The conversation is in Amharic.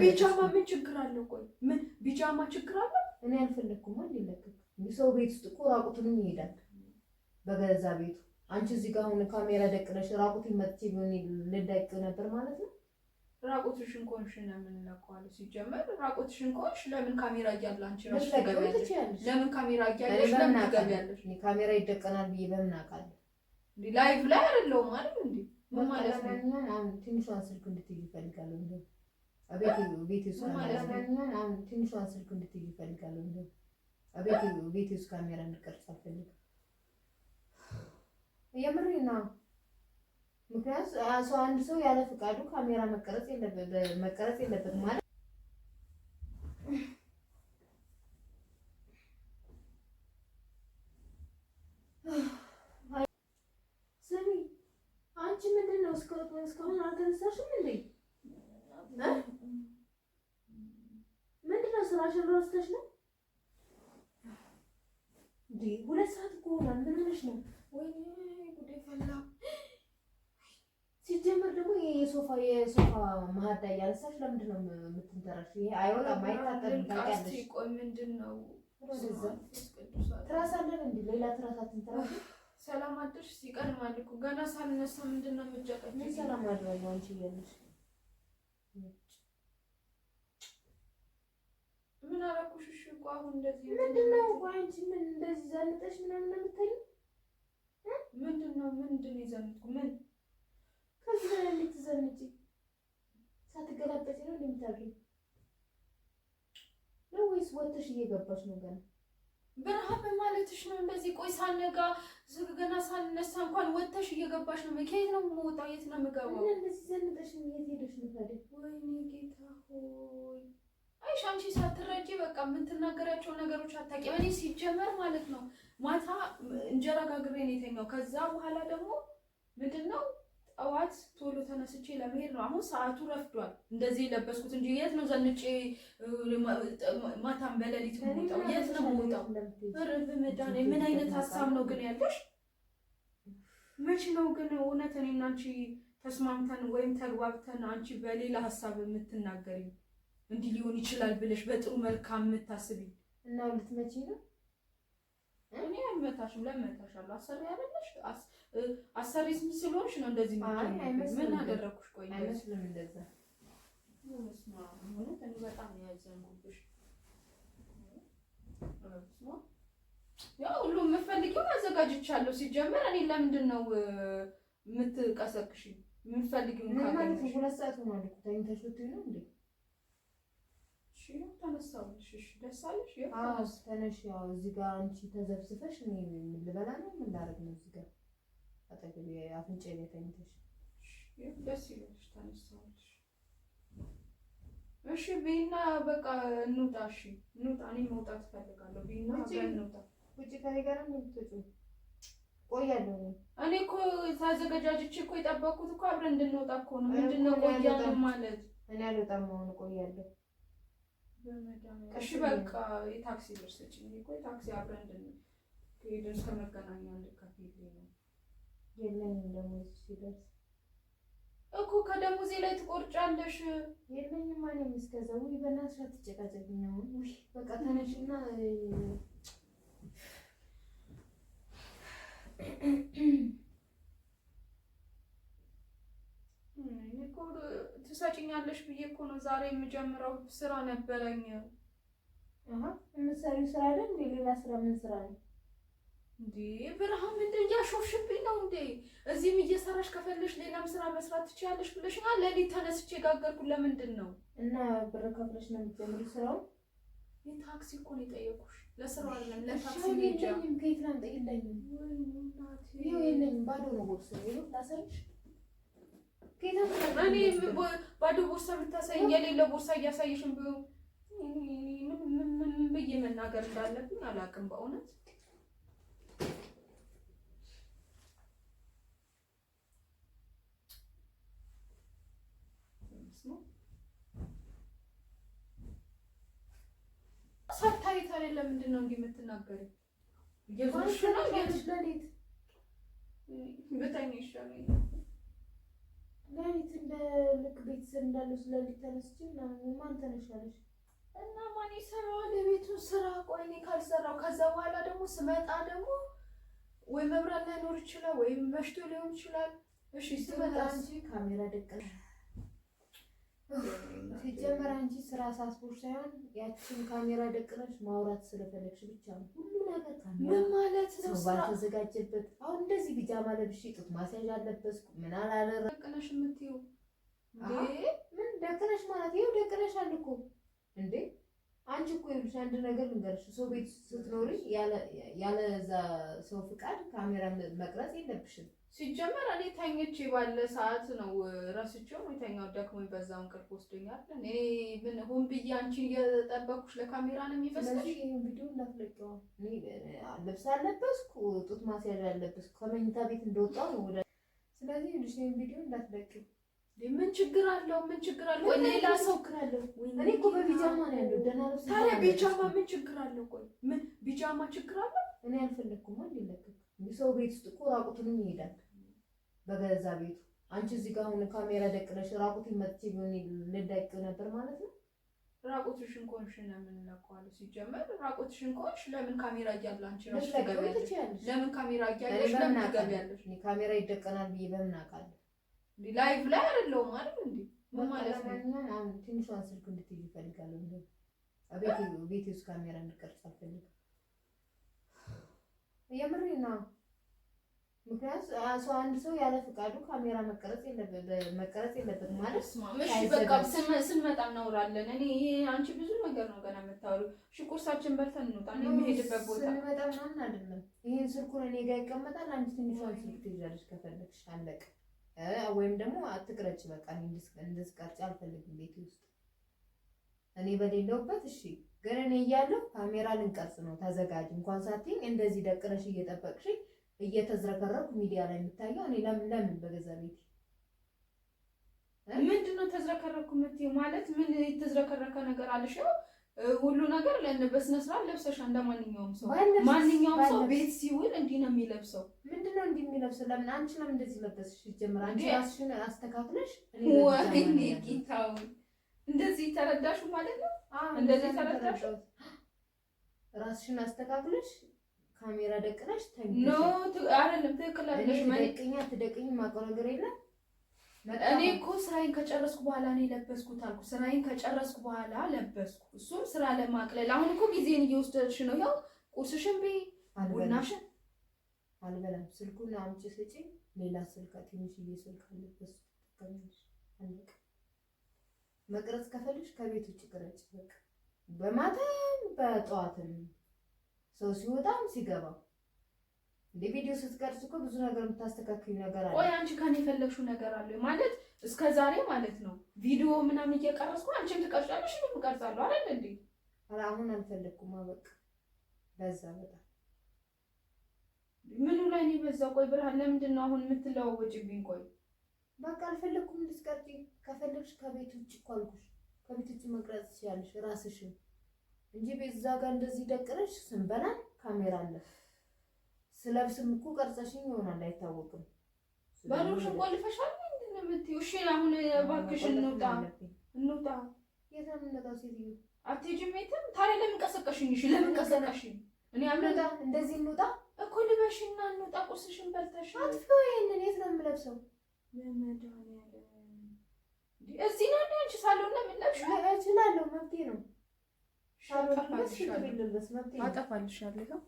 ቢጃማ ምን ችግር አለው? ቆይ ምን ቢጃማ ችግር አለው? እኔ አልፈለኩም። ሰው ቤት ውስጥ እኮ ራቁቱንም ይሄዳል በገዛ ቤቱ። አንቺ እዚህ ጋር አሁን ካሜራ ደቅነሽ ራቁቱን መጥቼ ቢሆን ልደቅ ነበር ማለት ነው። ራቁትሽን ከሆንሽ ለምን ለኳል? ሲጀመር ራቁትሽን ከሆንሽ ለምን ካሜራ እያለ አንቺ ራስሽ ትገቢያለሽ? ለምን ካሜራ እያለሽ ለምን ትገቢያለሽ? ካሜራ ይደቀናል ብዬ በምን አውቃለሁ? ላይቭ ላይ አይደለሁም ማለት እንዴ? ምን ማለት ነው? ትንሿን ስልክ እንድትይ ይፈልጋለሁ ቤቴ ውስጥ ትንሿን ስልክ እንድትይዥ እፈልጋለሁ። ቤቴ ውስጥ ካሜራ እንድቀርጽ አልፈልግም። የምሬን ነው። ምክንያቱም ሰው አንድ ሰው ያለ ፈቃዱ ካሜራ መቀረጽ የለበትም ማለት ስሚ፣ አንቺ ምንድን ነው እስካሁን አልተነሳሽም እንዴ? ስራሽን ረስተሽ ነው እንዴ? ሁለት ሰዓት እኮ ሆኗል። ምን ሆነሽ ነው? ሲጀመር ደግሞ የሶፋ የሶፋ ማህዳ እያነሳሽ ለምንድን ነው የምትንተራሽ? ይሄ አይወጣም፣ አይታጠብም። ታውቂያለሽ። ቆይ ምንድን ነው ትራስ አለን እንዴ? ሌላ ትራስ ሰላም አደርሽ ገና ሳልነሳ ምንድን ነው የምትጨቀጭ? ሰላም አንቺ እያለሽ ምን አደረኩሽ? እሺ እኮ አሁን እንደዚህ ምንድን ነው? ቆይ አንቺ ምን እንደዚህ ዘንጠሽ ምናምን የምትይኝ? ምንድን ነው ምንድን ነው የዘንጥኩ? ምን ከዚህ በላይ ልትዘንጪ ሳትገላበጪ ነው እንደምታገኝ ነው ወይስ ወጥተሽ እየገባሽ ነው? ገና ብርሃን በማለትሽ ነው እንደዚህ። ቆይ ሳልነጋ ገና ሳልነሳ እንኳን ወጥተሽ እየገባሽ ነው። ከየት ነው የምወጣው? የት ነው የምገባው? እንደዚህ ዘንጠሽ የት ሄደሽ ነው ታዲያ? ወይኔ ጌታ ታውቂያለሽ አንቺ ሳትረጂ በቃ የምትናገራቸው ነገሮች አታውቂም። እኔ ሲጀመር ማለት ነው ማታ እንጀራ ጋግሬ ነው የተኛው። ከዛ በኋላ ደግሞ ምንድን ነው ጠዋት ቶሎ ተነስቼ ለመሄድ ነው። አሁን ሰዓቱ ረፍዷል። እንደዚህ የለበስኩት እንጂ የት ነው ዘንጬ ማታም በሌሊት የምወጣው? የት ነው የምወጣው? ርብ ምዳኔ ምን አይነት ሀሳብ ነው ግን ያለሽ? መቼ ነው ግን እውነት እኔና አንቺ ተስማምተን ወይም ተግባብተን አንቺ በሌላ ሀሳብ የምትናገሪው? እንዲህ ሊሆን ይችላል ብለሽ በጥሩ መልካም የምታስቢ እና ልትመጪ ነው። እኔ አልመታሽም። ለመታሻለሁ። አሰሪ አይደለሽ? አሰሪ ስለሆንሽ ነው እንደዚህ። ምን አደረኩሽ? ቆይ አይመስልም። እንደዛ በጣም ያዘንኩብሽ። ያው ሁሉም የምፈልጊውን አዘጋጅቻለሁ። ሲጀመር እኔ ለምንድን ነው የምትቀሰቅሽኝ? ነው? ሁለት ሰዓት ሆኗል። ተኝተሽ ነው እንዴ? ተነሳሁልሽ። ደስ አለሽ? አዎ ተነሽ። ያው እዚህ ጋር አንቺ ተዘብዝፈሽ እኔ ምን ልበላ ነው ምን ነው? እዚህ ጋር አጠገቤ አፍንጫ ላይ ተኝተሽ ደስ ተነሳሁልሽ። እሺ ቢና በቃ እንውጣ። እሺ እንውጣ። እኔ መውጣት እፈልጋለሁ። ቤና እንውጣ። ውጭ ከኔ ጋር ነው የምትወጪው? ቆያለሁ እኔ እኮ ታዘገጃጅቼ እኮ የጠበኩት እኮ አብረን እንድንወጣ እኮ ነው። ምንድን ነው ቆያለሁ ማለት? እኔ አልወጣም። አሁን ቆያለሁ እሺ በቃ የታክሲ ብር ስጭኝ። ቆይ ታክሲ አብረን እንድንሄድ ከመገናኛ ልካፍል ነው የለኝም። ደሞዝ ሲደርስ እኮ ከደሞዜ ላይ ትቆርጫለሽ። የለኝም አለ እስከዚያው። ውይ በእናትሽ አትጨቃጨቅኝ። ውይ በቃ ተነሽና እኮ ትሰጭኛለሽ ብዬ እኮ ነው ዛሬ የምጀምረው። ስራ ነበረኝ። የምትሰሪው ስራ አይደል እንዴ? ሌላ ስራ ምን ስራ ነው እንዴ? ብርሃን ምንድን እያሾፍሽብኝ ነው እንዴ? እዚህም እየሰራሽ ከፈለሽ ሌላም ስራ መስራት ትችያለሽ ብለሽ ና ሌሊት ተነስቼ የጋገርኩ ለምንድን ነው? እና ብር ከፍለሽ ነው የምትጀምሩ ስራው? የታክሲ እኮ ነው የጠየኩሽ። ለስራው አይደለም ለታክሲ ሚጃ የለኝም። ከየት ላምጣ? የለኝም። ይኸው የለኝም። ባዶ ነው ቦርሳዬ። ላሳይሽ እኔ ባዶ ቦርሳ ብታሳይኝ የሌለ ቦርሳ እያሳየሽም ቢሆን ምን ብዬ መናገር እንዳለብኝ አላውቅም በእውነት። ሳታይ ታዲያ ለምንድን ነው እንዲህ የምትናገሪው? እየዞርሽ ነው። ለሊት እንደ ልክ ቤተሰብ እንዳለው ስለሊት ተነስቼ ምናምን ማን ተነሻለች እና ማን ይሰራዋል የቤቱን ስራ? ቆይ እኔ ካልሰራው ከዛ በኋላ ደግሞ ስመጣ ደግሞ ወይ መብራት ላይኖር ይችላል ወይም መሽቶ ሊሆን ይችላል። እሺ ስመጣ እንጂ ካሜራ ደቀ ሲጀመር አንቺ ስራ ሳስቦሽ ሳይሆን ያችን ካሜራ ደቅነሽ ማውራት ስለፈለግሽ ብቻ ነው። ሁሉ ነገር ምን ማለት ነው? ባልተዘጋጀበት አሁን እንደዚህ ቢጃማ ጡት አለበስኩ ምን አላደረ ደቅነሽ የምትይው ምን ደቅነሽ ማለት ይኸው ደቅነሽ እንዴ አንቺ እኮ ይኸውልሽ አንድ ነገር ልንገርሽ፣ ሰው ቤት ስትኖሪ ያለ ያለ እዛ ሰው ፍቃድ ካሜራ መቅረጽ የለብሽም። ሲጀመር እኔ ተኝቼ ባለ ሰዓት ነው ረስቼው ነው የተኛው። ደክሞኝ በዛው እንቅልፍ ወስዶኛል። እኔ ምን ሁን ብዬ አንቺን እየጠበኩሽ ለካሜራ ነው የሚመስልሽ? ጡት ማስያዣ ከመኝታ ቤት ነው ስለዚህ ምን ችግር አለው? ምን ችግር አለው? ወይ እኔ እኮ በቢጃማ ነው ያለው። ልብስ ታዲያ ቢጃማ ምን ችግር አለው? ምን ቢጃማ ችግር አለው? እኔ አልፈለኩም። ሰው ቤት ውስጥ እኮ ራቁቱንም ይሄዳል። በገዛ ቤቱ። አንቺ እዚህ ጋር አሁን ካሜራ ደቅነሽ ራቁት መጥቼ ቢሆን ልደቅ ነበር ማለት ነው። ራቁትሽን ከሆንሽ ለምን ለቋል? ሲጀመር ራቁትሽን ከሆንሽ ለምን ካሜራ እያለ አንቺ ራስሽ ትገቢያለሽ? ለምን ካሜራ እያለሽ ለምን ትገቢያለሽ? ካሜራ ይደቀናል ብዬ በምን አውቃለሁ? ላይቭ ላይ አይደለሁም ማለት እንዴ? ምን ማለት ነው? ማንኛውም አሁን ትንሿን ስልክ እንድትይዝ ይፈልጋለሁ እንዴ? ቤቴ ውስጥ ካሜራ እንድቀርጽ አልፈልግም። የምሬን ነው። ምክንያቱም አንድ ሰው ያለ ፈቃዱ ካሜራ መቀረጽ የለበትም ማለት ስንመጣ እናውራለን። እኔ ይሄ አንቺ ብዙ ነገር ነው ገና የምታወሪው። እሺ ቁርሳችን በልተን እንውጣ። የምሄድበት ቦታ ስንመጣ ምናምን አይደለም። ይሄን ስልኩን እኔ ጋር ይቀመጣል። አንቺ ትንሿን ስልክ ትይዛለች ከፈለግሽ፣ አለቀ። ወይም ደግሞ አትቅረጭ፣ በቃ እንድትቀርጭ አልፈልግም ቤት ውስጥ እኔ በሌለውበት። እሺ ግን እኔ እያለሁ ካሜራ ልንቀርጽ ነው ተዘጋጅ እንኳን ሳትይኝ እንደዚህ ደቅነሽ እየጠበቅሽኝ እየተዝረከረኩ ሚዲያ ላይ የምታየው እኔ ለምን ለምን በገዛ ቤት ምንድነው ተዝረከረኩ የምትይው? ማለት ምን የተዝረከረከ ነገር አለሽ? ሁሉ ነገር በስነ ስርዓት ለብሰሽ እንደ ማንኛውም ሰው ማንኛውም ሰው ቤት ሲውል እንዲህ ነው የሚለብሰው። ምንድነው እንዲህ የሚለብሰው? ለምን አንቺ ለምን እንደዚህ ለበስሽ? ሲጀምር አንቺ ራስሽን አስተካክለሽ ወይኔ ጌታው እንደዚህ ተረዳሹ ማለት ነው። እንደዚህ ተረዳሹ ራስሽን አስተካክለሽ ካሜራ ደቅነሽ ተንግሽ ኖ አይደለም፣ ደቅኛ ትደቅኝ ማውቀው ነገር የለም። እኔ እኮ ስራዬን ከጨረስኩ በኋላ ነው የለበስኩት አልኩ። ስራዬን ከጨረስኩ በኋላ ለበስኩ። እሱም ስራ ለማቅለል አሁን እኮ ጊዜን እየወሰድሽ ነው። ያው ቁርስሽን ቤ ቡናሽን አልበላም። ስልኩን አምጪ ስጪኝ። ሌላ ስልክ ትንሽዬ ስልክ አለበት ከሚሽ መቅረጽ ከፈልሽ ከቤት ውጭ ቅረጭ። በቃ በማታም በጠዋትም ሰው ሲወጣም ሲገባ እንደ ቪዲዮ ስትቀርጽ እኮ ብዙ ነገር የምታስተካክል ነገር አለ። ቆይ አንቺ ከኔ የፈለግሽው ነገር አለ ማለት እስከ ዛሬ ማለት ነው ቪዲዮ ምናምን እየቀረጽኩ አንቺም ትቀርጫለሽ፣ እኔም እቀርጻለሁ አይደል እንዴ? ኧረ አሁን አልፈለግኩም። አበቃ በዛ በጣም ምኑ ላይ ነው በዛ? ቆይ ብርሃን ለምንድን ነው አሁን የምትለዋወጭብኝ? ቆይ በቃ አልፈለግኩም እንድትቀርጪ። ከፈለግሽ ከቤት ውጭ እኮ አልኩሽ፣ ከቤት ውጭ መቅረጽ ትችያለሽ ራስሽን እንጂ ቤዛ ጋር እንደዚህ ደቅነሽ ስንበላ ካሜራ አለ። ስለብስም እኮ ቀርጸሽኝ ይሆናል አይታወቅም። በሩሽ ቆልፈሻል። ምንድን ነው የምትይው? እሺ አሁን እባክሽ እንውጣ፣ እንውጣ። የት ነው የምንወጣው? ሴትዮ አትሄጂም የትም። ታዲያ ለምን ቀሰቀሽኝ? እሺ ለምን ቀሰቀሽኝ? እኔ እንውጣ፣ እንደዚህ እንውጣ እኮ ልበሽና እንውጣ። ቁርስሽን በልተሽ አጥፊው። ይሄንን የት ነው የምለብሰው? ለመዳን ያለ እዚህ ነው እንጂ ሳሎን ለምን ለብሽ? እችላለሁ፣ መብቴ ነው አጠፋልሻለሁ